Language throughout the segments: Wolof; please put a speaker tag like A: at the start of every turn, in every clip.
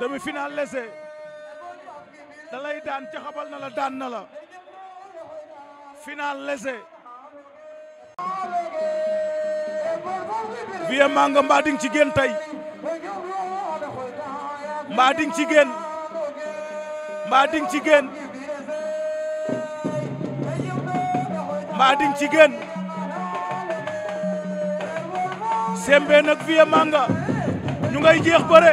A: demi-finale lese da daan caxabal na daan na la lese Vieux Manga mbaa di ci génn tey mbaa di nga ci génn mbaa ci génn ci génn Manga ñu jeex bëre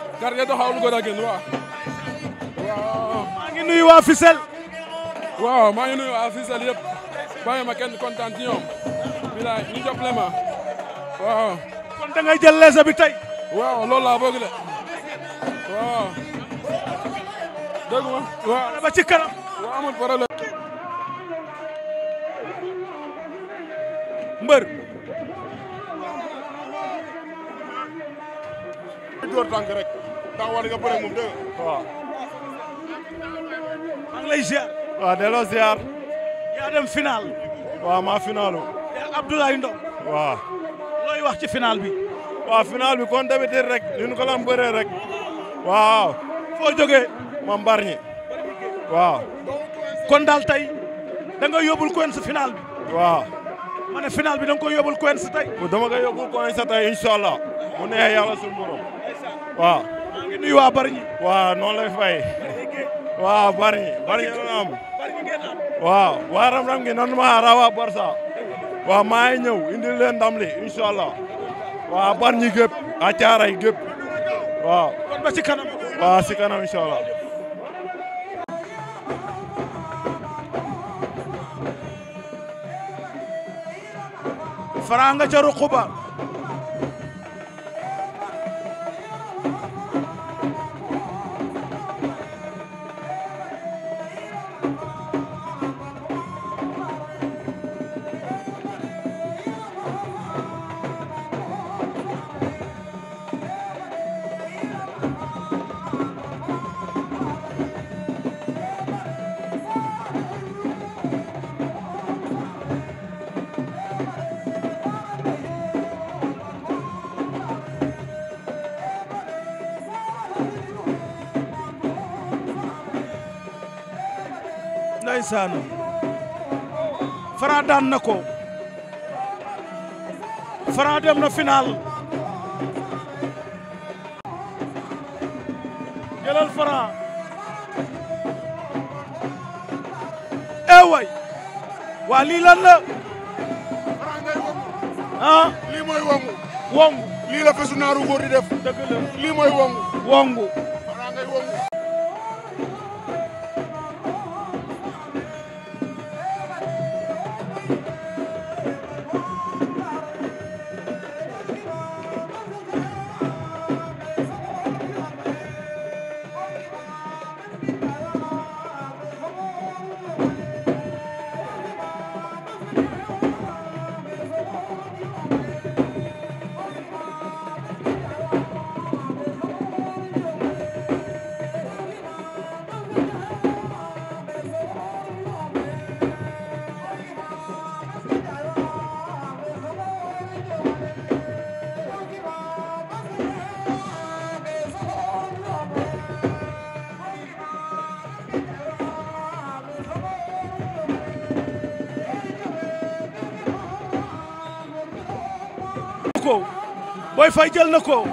A: gardien taxawul ko daa génn waaw. waaw. maa ngi nuyu waa maa ngi nuyu waa Fissel yëpp. ma kenn kontaan ci ñoom. bilaay ñu jàppale ma waaw. kon da jël leesa bi tey. waaw loolu laa bëgg de waaw. dégg nga waaw ba ci kanam. mbër. ndax war nga bëre moom dégg nga. waaw. maa ngi lay ziar. waaw looy wax ci bi. waaw final bi kon d'habitude rek. ni ko lan bëree rek. waaw. foo jógee. ma mbar ñi. waaw. kon daal tey da yóbbul Quench final bi. waaw. ma ne bi da yóbbul Quench tey. dama koy yóbbul Quench tey incha mu neex yàlla suñu borom waa Bargny. waaw noonu lay waa ram-ram gi noonu ma raw waa Barça. maa ngi ñëw indil leen ndam li incha allah. waaw Bargny gépp a caaray kanam. waaw ci ca ruq ndeysaan Franc daan na ko Franc dem na final jëlal Franc ee eh waa lii la Franc ko Boy jël na ko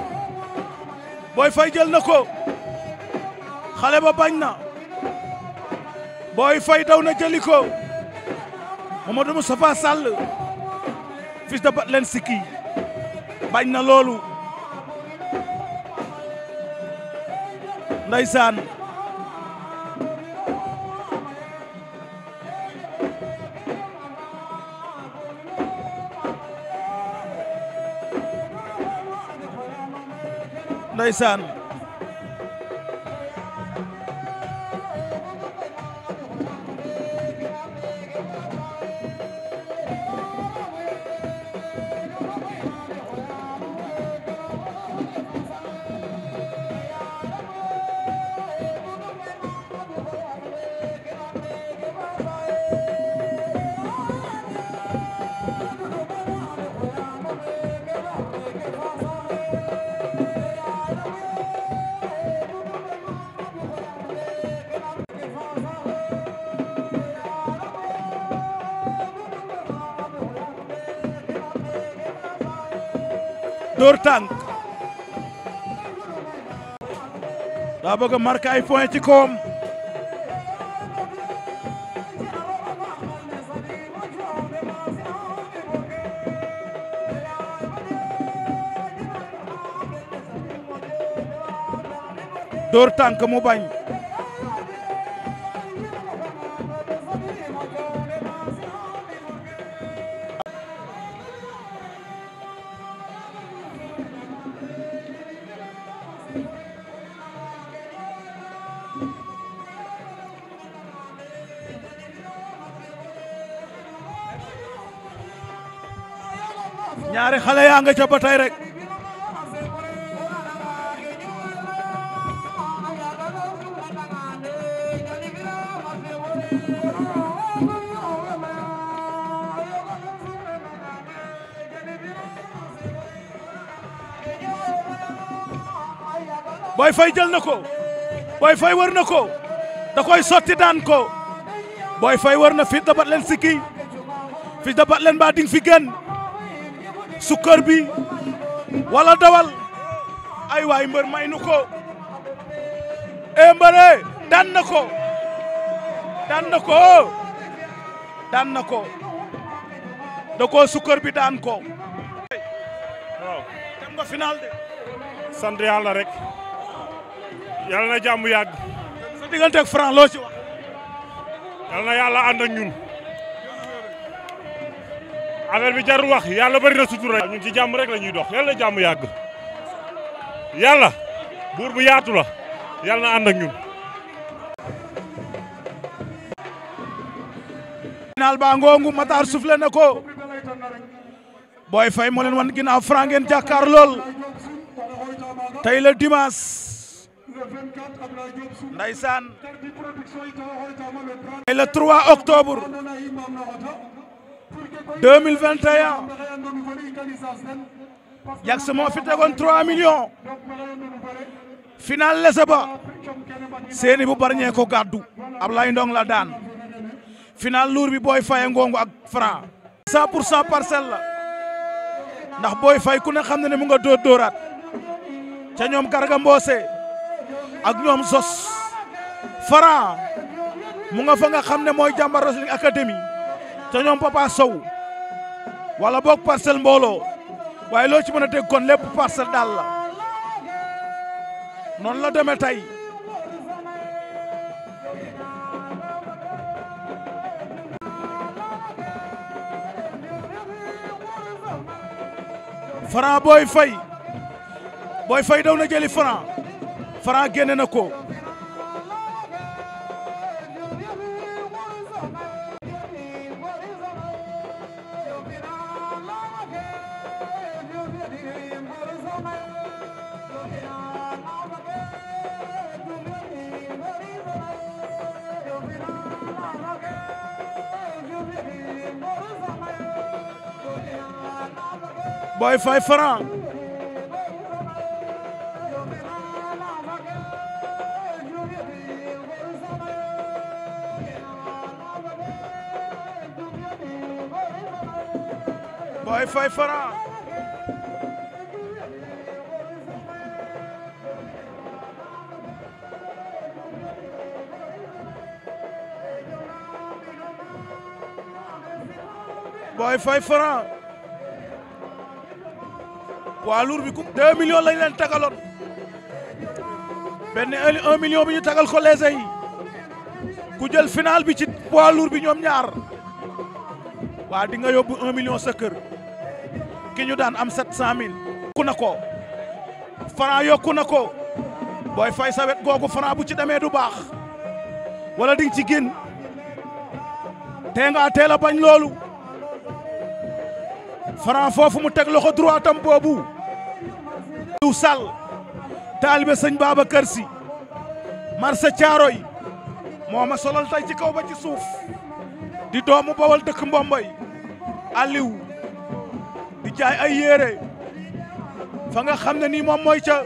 A: Boy Faye jël na ko xale ba bañ na booy Faye daw na jëli ko Mamadou Moustapha Sall fils de Batlen Siki bañ na loolu ndeysaan ndeysaan dóor tànk daa bëgg a marqué ay ci koom dóor tànk mu bañ ñaari xale yaa nga ca rek Boy Faye jël na ko Boy Faye war na ko da koy sotti daan ko Boy Faye war na Fils de Batlen sikki Fils de Batlen ba ding fi gën sukkër bi wala dawal ay waay mbër may ko e mbëre daan na ko daan na ko daan na ko da koo sukkër bi daan ko waaw rek yàlla na jàmm yàgg. sa loo ci yàlla na yàlla ànd ak ñun. affaire bi jarul wax yàlla bari na sutura ñun ci jàmm rek la ñuy dox yàlla na jàmm yàgg. yàlla buur bu yaatu la yàlla na ànd ak ñun. final ba ngongu Matar soufflé na ko. Boy Faye moo wan ginnaaw Franc ngeen lool tey la dimanche. ndaysaan ay le 3 octobre 2021 Diaks moo fi tegoon 3 millions final lese ba seeni bu barñee ko gàddu Ablaye Ndong la daan final luur bi booy faye ngongu ak franc 100 pour cent parcelle ndax booy fay ku ne xam ne ne mu nga dóor dóoraat ca ñoom Garga Mbossé ak ñoom sos fara mu nga fa nga xam ne mooy jàmbar wrestling académie te ñoom sow wala boog parcelle mbooloo waaye loo ci mën a dégg kon lépp parcelle daal la la demee tey Franc Boy Faye Boy Faye daw na jëli Franc Franc génne na ko Boy Faye Franc Boy Faye Franc Boy Faye Franc poids bi ku 2 millions lañ leen tagaloon benn 1 million bi ñu tagal ko les yi ku jël final bi ci poids lourd bi ñoom ñaar waa di nga yóbbu 1 million sa kër. gi ñu daan am 700000. yokku na ko franc yokku na ko booy fay sawet wet googu franc bu ci demee du baax wala ding ci génn tee nga teel a loolu franc foofu mu teg loxo droit tam boobu. diw sàll taalibe sëñ Babacar Si marché Thiaroy moo ma solal tay ci kaw ba ci suuf di doomu bawal dëkk Mbomboy Aliou di jaay ay yére fa nga xam ne nii moom mooy ca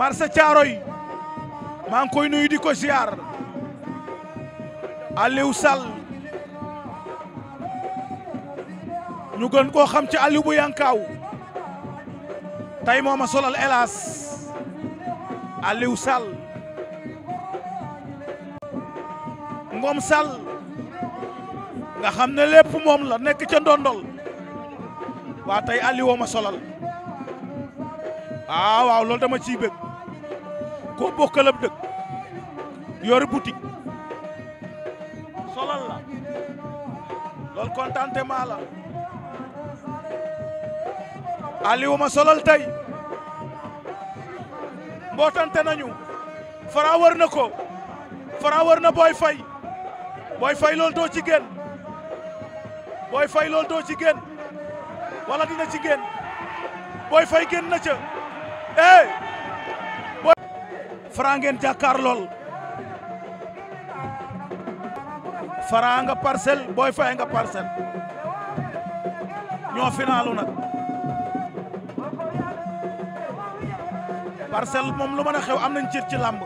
A: marché Thiaroye maa ngi koy nuyu di ko ziar Aliou sal ñu gën koo xam ci Aliou bu Yankaaw tey moo ma solal hélas Aliou Sall Ngom Sall nga xam ne lépp moom la nekk ca ndondol waa tey Aliou ma solal waaw ah, waaw loolu dama ciy bëgg koo bokkal ab dëkk yor la loolu contentement la Aliou ma solal tey mbootante nañu Fara wër na ko Fara wër na Boy loolu doo ci génn Boy loolu doo ci génn wala dina ci génn Boy Faye génn na ca eh Boy lool Franc nga Parcelles Boy Faye nga Parcelles ñoo finaalu nag Parcelles moom lu mën a am nañ cër ci làmb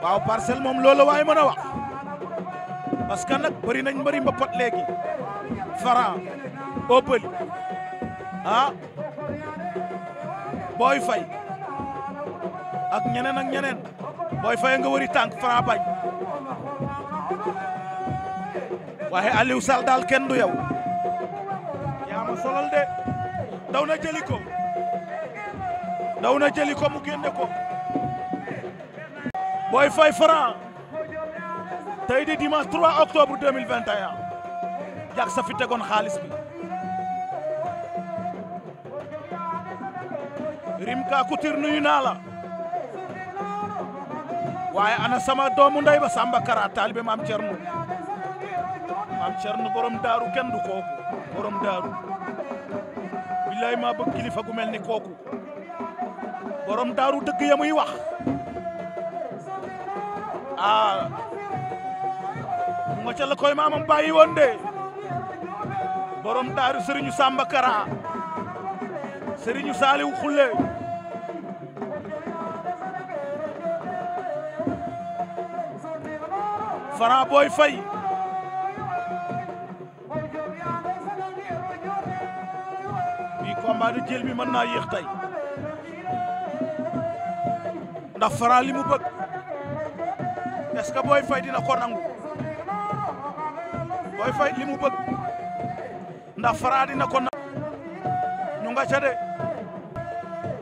A: waaw Parcelles moom loolu waaye mën a wax parce que nag bari nañ mbëri mbapat léegi Franc Obeuli ah Boy Faye ak ñeneen ak ñeneen Boy Faye nga wëri tànk Franc bañ waaye Aliou Sall daal kenn du yow yaa de daw na jëli daw na jëli ko mu génne ko Boy Faye Franc tey di dimanche 3 octobre 2021 jak sa fi tegoon xaalis bi Rimka Couture nuyu naa la waaye ana sama doomu ndey ba Samba Kara taalibe maam Cernu maam Cernu borom daaru kenn du kooku borom daaru billaay maa bëgg kilifa gu mel ni kooku borom daaru dëgg ya muy wax ah mu nga koy maamam bàyyi woon de borom daaru Serigne Samba Kara Serigne Saliou Khoule Franc Boy Faye bi combat de jël bi mën naa yéex tey ndax Franc li mu bëgg est-ce que Boy Faye dina ko nangu Boy Faye li mu bëgg ndax Franc dina ko nangu ñu nga ca de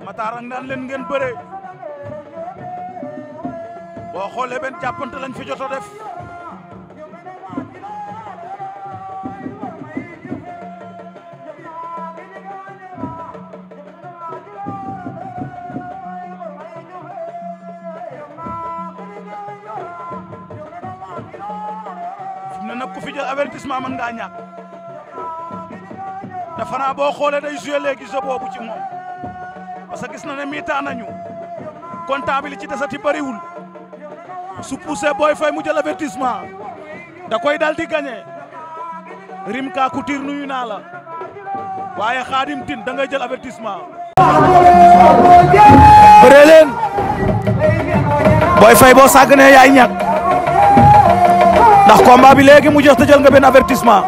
A: Matar ak ngeen bëree boo xoolee benn jàppante lañ fi jot def ku fi jël avertissement mën ngaa ñàkk te boo xoolee day joué léegi jeu boobu ci moom parce que gis na ne miitaan nañu comptable ci desati bëriwul su poussé booy fay mu jël avertissement da koy dal di gagné rim ka couture nuyu naa la waaye xaadim tin da ngay jël avertissement. bëree booy fay boo sàgganee yaay ñàkk. ndax combat bi léegi mu jeex te jël nga benn avertissement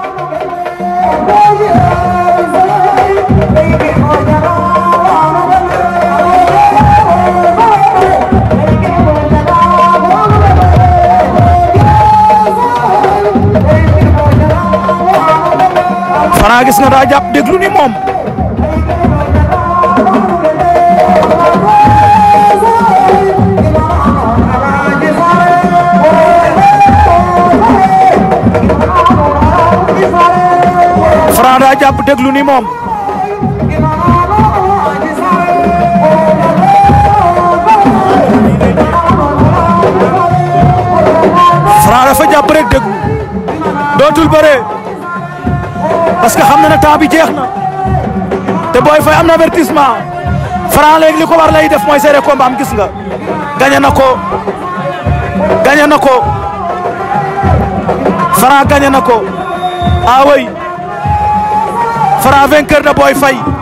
A: gis nga daa jàpp déglu ni moom moom Franc dafa jàpp rek dégg dootul bëree parce que xam na ne temps bi jeex na te Boy Faye am na avertissement Franc léegi li ko war lay def mooy serré combat am gis nga gañe na ko gañe na ko Franc gañe na ko ah oui Franc vainqueur de Boy Faye